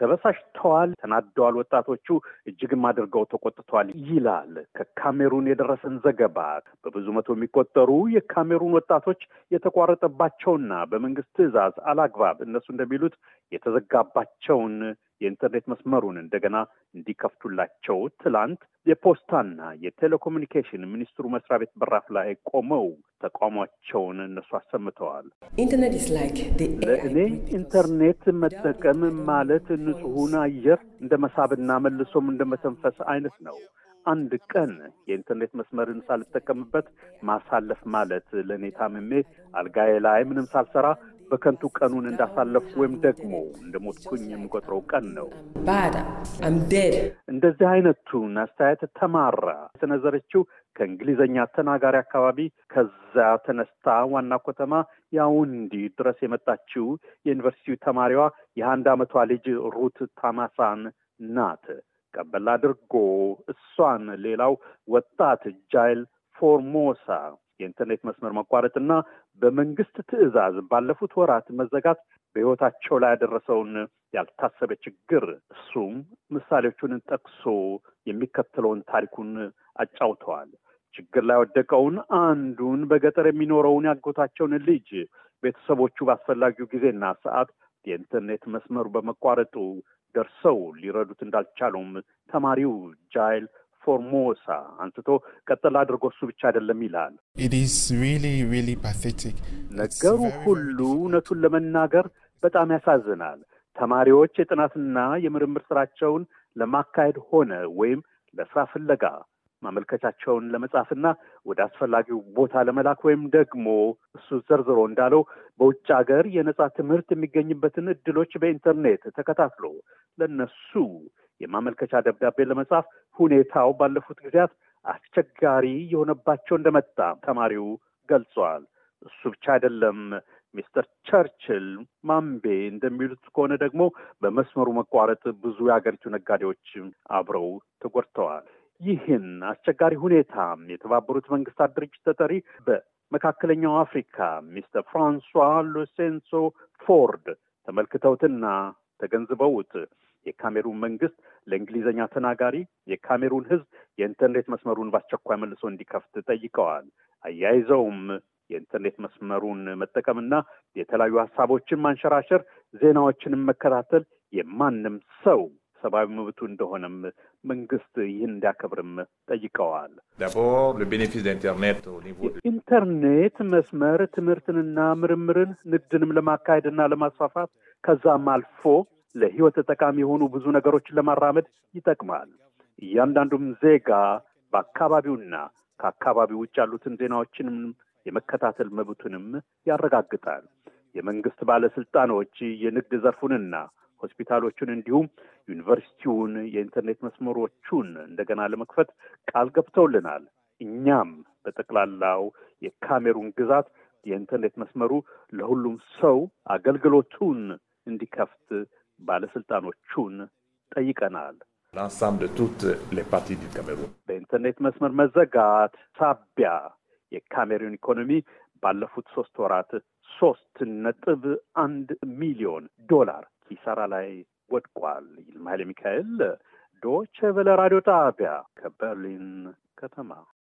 ተበሳሽተዋል፣ ተናደዋል፣ ወጣቶቹ እጅግም አድርገው ተቆጥተዋል ይላል ከካሜሩን የደረሰን ዘገባ። በብዙ መቶ የሚቆጠሩ የካሜሩን ወጣቶች የተቋረጠባቸውና በመንግስት ትዕዛዝ አላግባብ እነሱ እንደሚሉት የተዘጋባቸውን የኢንተርኔት መስመሩን እንደገና እንዲከፍቱላቸው ትላንት የፖስታና የቴሌኮሙኒኬሽን ሚኒስትሩ መስሪያ ቤት በራፍ ላይ ቆመው ተቃውሟቸውን እነሱ አሰምተዋል። ለእኔ ኢንተርኔት መጠቀም ማለት ንጹሑን አየር እንደ መሳብና መልሶም እንደ መተንፈስ አይነት ነው። አንድ ቀን የኢንተርኔት መስመርን ሳልጠቀምበት ማሳለፍ ማለት ለእኔ ታምሜ አልጋዬ ላይ ምንም ሳልሰራ በከንቱ ቀኑን እንዳሳለፍኩ ወይም ደግሞ እንደሞትኩኝ የምቆጥረው ቀን ነው። እንደዚህ አይነቱን አስተያየት ተማራ የሰነዘረችው ከእንግሊዝኛ ተናጋሪ አካባቢ ከዛ ተነስታ ዋና ከተማ ያውንዲ ድረስ የመጣችው የዩኒቨርሲቲ ተማሪዋ የአንድ ዓመቷ ልጅ ሩት ታማሳን ናት። ቀበል አድርጎ እሷን ሌላው ወጣት ጃይል ፎርሞሳ የኢንተርኔት መስመር መቋረጥና በመንግስት ትዕዛዝ ባለፉት ወራት መዘጋት በሕይወታቸው ላይ ያደረሰውን ያልታሰበ ችግር እሱም ምሳሌዎቹን ጠቅሶ የሚከተለውን ታሪኩን አጫውተዋል። ችግር ላይ ወደቀውን አንዱን በገጠር የሚኖረውን ያጎታቸውን ልጅ ቤተሰቦቹ በአስፈላጊው ጊዜና ሰዓት የኢንተርኔት መስመሩ በመቋረጡ ደርሰው ሊረዱት እንዳልቻሉም ተማሪው ጃይል ፎርሞሳ አንስቶ ቀጥል አድርጎ እሱ ብቻ አይደለም ይላል። ነገሩ ሁሉ እውነቱን ለመናገር በጣም ያሳዝናል። ተማሪዎች የጥናትና የምርምር ስራቸውን ለማካሄድ ሆነ ወይም ለስራ ፍለጋ ማመልከቻቸውን ለመጻፍና ወደ አስፈላጊው ቦታ ለመላክ ወይም ደግሞ እሱ ዘርዝሮ እንዳለው በውጭ ሀገር የነጻ ትምህርት የሚገኝበትን እድሎች በኢንተርኔት ተከታትሎ ለነሱ የማመልከቻ ደብዳቤ ለመጻፍ ሁኔታው ባለፉት ጊዜያት አስቸጋሪ የሆነባቸው እንደመጣ ተማሪው ገልጿል። እሱ ብቻ አይደለም። ሚስተር ቸርችል ማምቤ እንደሚሉት ከሆነ ደግሞ በመስመሩ መቋረጥ ብዙ የአገሪቱ ነጋዴዎች አብረው ተጎድተዋል። ይህን አስቸጋሪ ሁኔታ የተባበሩት መንግስታት ድርጅት ተጠሪ በመካከለኛው አፍሪካ ሚስተር ፍራንሷ ሎሴንሶ ፎርድ ተመልክተውትና ተገንዝበውት የካሜሩን መንግስት ለእንግሊዝኛ ተናጋሪ የካሜሩን ህዝብ የኢንተርኔት መስመሩን በአስቸኳይ መልሶ እንዲከፍት ጠይቀዋል። አያይዘውም የኢንተርኔት መስመሩን መጠቀምና የተለያዩ ሀሳቦችን ማንሸራሸር፣ ዜናዎችንም መከታተል የማንም ሰው ሰብአዊ መብቱ እንደሆነም መንግስት ይህን እንዲያከብርም ጠይቀዋል። ኢንተርኔት መስመር ትምህርትንና ምርምርን ንግድንም ለማካሄድና ለማስፋፋት ከዛም አልፎ ለህይወት ጠቃሚ የሆኑ ብዙ ነገሮችን ለማራመድ ይጠቅማል። እያንዳንዱም ዜጋ በአካባቢውና ከአካባቢው ውጭ ያሉትን ዜናዎችንም የመከታተል መብቱንም ያረጋግጣል። የመንግስት ባለስልጣኖች የንግድ ዘርፉንና ሆስፒታሎቹን እንዲሁም ዩኒቨርሲቲውን የኢንተርኔት መስመሮቹን እንደገና ለመክፈት ቃል ገብተውልናል። እኛም በጠቅላላው የካሜሩን ግዛት የኢንተርኔት መስመሩ ለሁሉም ሰው አገልግሎቱን እንዲከፍት ባለስልጣኖቹን ጠይቀናል። ለአንሳምብል ቱት ለፓርቲ ዲ ካሜሩን በኢንተርኔት መስመር መዘጋት ሳቢያ የካሜሩን ኢኮኖሚ ባለፉት ሶስት ወራት ሶስት ነጥብ አንድ ሚሊዮን ዶላር ኪሳራ ላይ ወድቋል። ይልማ ኃይለ ሚካኤል ዶቼ ቬለ ራዲዮ ጣቢያ ከበርሊን ከተማ